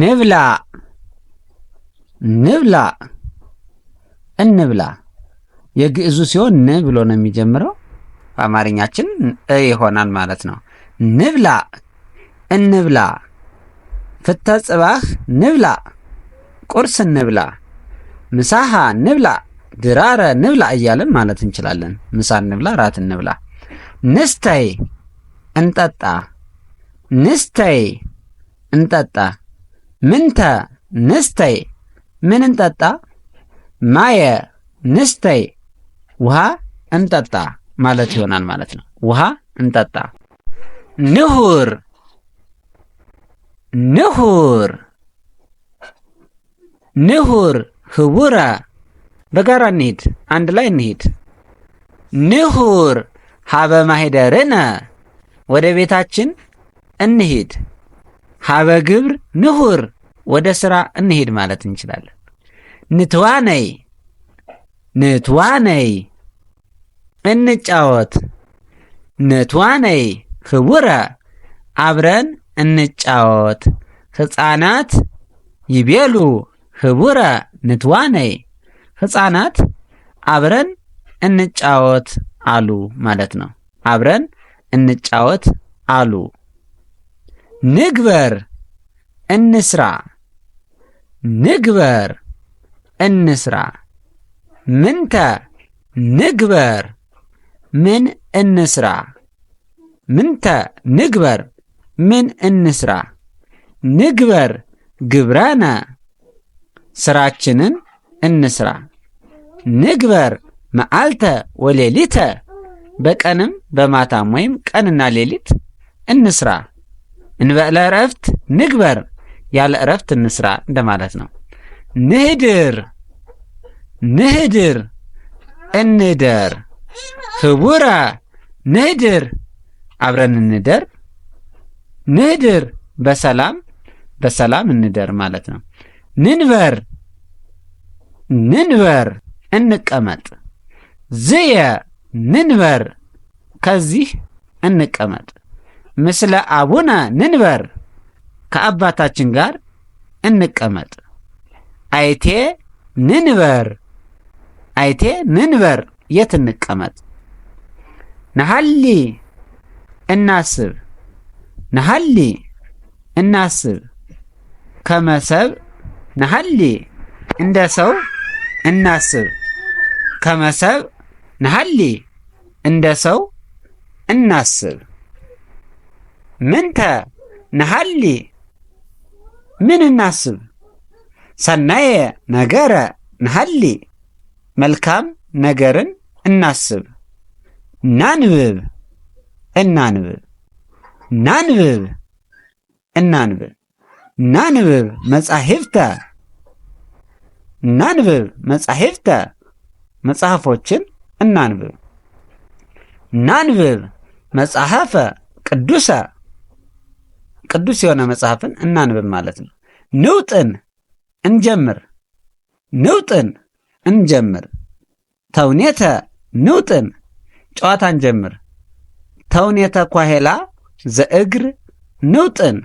ንብላ ንብላ እንብላ የግዕዙ ሲሆን ን ብሎ ነው የሚጀምረው። በአማርኛችን እ ይሆናል ማለት ነው። ንብላ እንብላ ፍተ ጽባህ ንብላ ቁርስ እንብላ ምሳሃ ንብላ ድራረ ንብላ እያለን ማለት እንችላለን። ምሳ እንብላ፣ ራት እንብላ። ንስተይ እንጠጣ፣ ንስተይ እንጠጣ ምንተ ንስተይ ምን እንጠጣ ማየ ንስተይ ውሃ እንጠጣ ማለት ይሆናል ማለት ነው። ውሃ እንጠጣ። ንሁር ንሁር ንሁር ህቡረ በጋራ እንሂድ፣ አንድ ላይ እንሂድ። ንሁር ሀበ ማኅደርነ ወደ ቤታችን እንሂድ። ሀበ ግብር ንሁር ወደ ስራ እንሄድ ማለት እንችላለን። ንትዋነይ ንትዋነይ፣ እንጫወት። ንትዋነይ ህቡረ፣ አብረን እንጫወት። ህፃናት ይቤሉ ህቡረ ንትዋነይ፣ ህፃናት አብረን እንጫወት አሉ ማለት ነው። አብረን እንጫወት አሉ። ንግበር እንስራ ንግበር እንስራ ምንተ ንግበር ምን እንስራ ምንተ ንግበር ምን እንስራ ንግበር ግብረነ ስራችንን እንስራ ንግበር መዓልተ ወሌሊተ በቀንም በማታም ወይም ቀንና ሌሊት እንስራ እንበለ ዕረፍት ንግበር ያለ እረፍት እንስራ እንደማለት ነው። ንህድር ንህድር እንደር ህቡረ ንህድር አብረን እንደር ንህድር በሰላም በሰላም እንደር ማለት ነው። ንንበር ንንበር እንቀመጥ ዝየ ንንበር ከዚህ እንቀመጥ ምስለ አቡነ ንንበር ከአባታችን ጋር እንቀመጥ። አይቴ ንንበር አይቴ ንንበር የት እንቀመጥ። ነሃሊ እናስብ ነሃሊ እናስብ ከመሰብ ነሃሊ እንደ ሰው እናስብ ከመሰብ ነሐሊ እንደ ሰው እናስብ ምንተ ነሃሊ? ምን እናስብ? ሰናየ ነገረ ንሐሊ፣ መልካም ነገርን እናስብ። ናንብብ፣ እናንብብ፣ ናንብብ፣ እናንብብ፣ ናንብብ መጻሕፍተ፣ ናንብብ መጻሕፍተ፣ መጽሐፎችን እናንብብ። ናንብብ መጽሐፈ ቅዱሰ ቅዱስ የሆነ መጽሐፍን እናንብብ ማለት ነው። ንውጥን እንጀምር፣ ንውጥን እንጀምር፣ ተውኔተ ንውጥን ጨዋታ እንጀምር፣ ተውኔተ ኳሄላ ዘእግር ንውጥን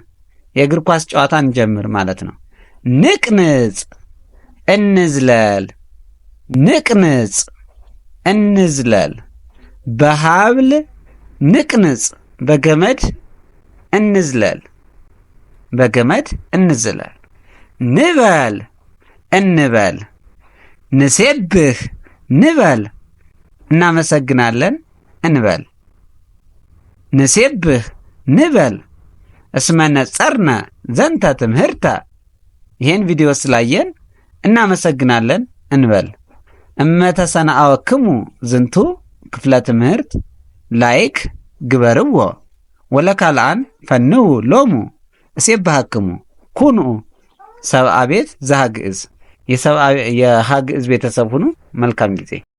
የእግር ኳስ ጨዋታ እንጀምር ማለት ነው። ንቅንጽ እንዝለል፣ ንቅንጽ እንዝለል፣ በሀብል ንቅንጽ በገመድ እንዝለል። በገመድ እንዝለል። ንበል እንበል ንሴብህ ንበል እናመሰግናለን እንበል ንሴብህ ንበል እስመነጸርነ ዘንተ ትምህርተ። ይህን ቪዲዮ ስላየን እናመሰግናለን እንበል። እመተሰናአወክሙ ዝንቱ ክፍለ ትምህርት ላይክ ግበርዎ ወለካልአን ፈንዉ ሎሙ እሴብሐክሙ ኩኑ ሰብአ ቤት ዘሀግዕዝ የሀግዕዝ ቤተሰብ ሁኑ። መልካም ጊዜ